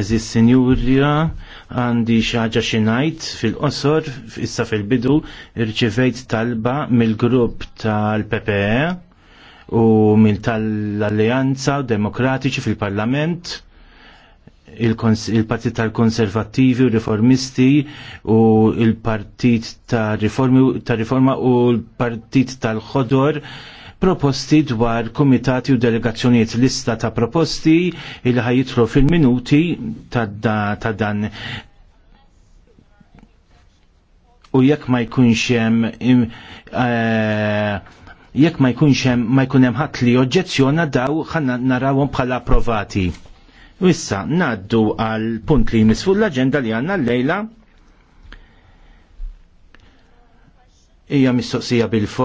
Eżis senjurja għandi xaġa xinajt fil-qosor issa fil-bidu irċivejt talba mill-grupp tal-PPE u mill tal-Alleanza Demokratiċi fil-Parlament il-Partit tal-Konservativi u Riformisti u il-Partit tal-Riforma u l-Partit tal-Ħodor proposti dwar komitati u delegazzjoniet lista ta' proposti il ħajitlu fil-minuti ta, ta' dan u jekk ma jkunx hemm eh, jekk ma jkunx hemm ma jkun hemm ħadd li oġġezzjona daw ħanna narawhom bħala approvati. U issa ngħaddu għal punt li jmiss fuq l-aġenda li għandna llejla. hija mistoqsija bil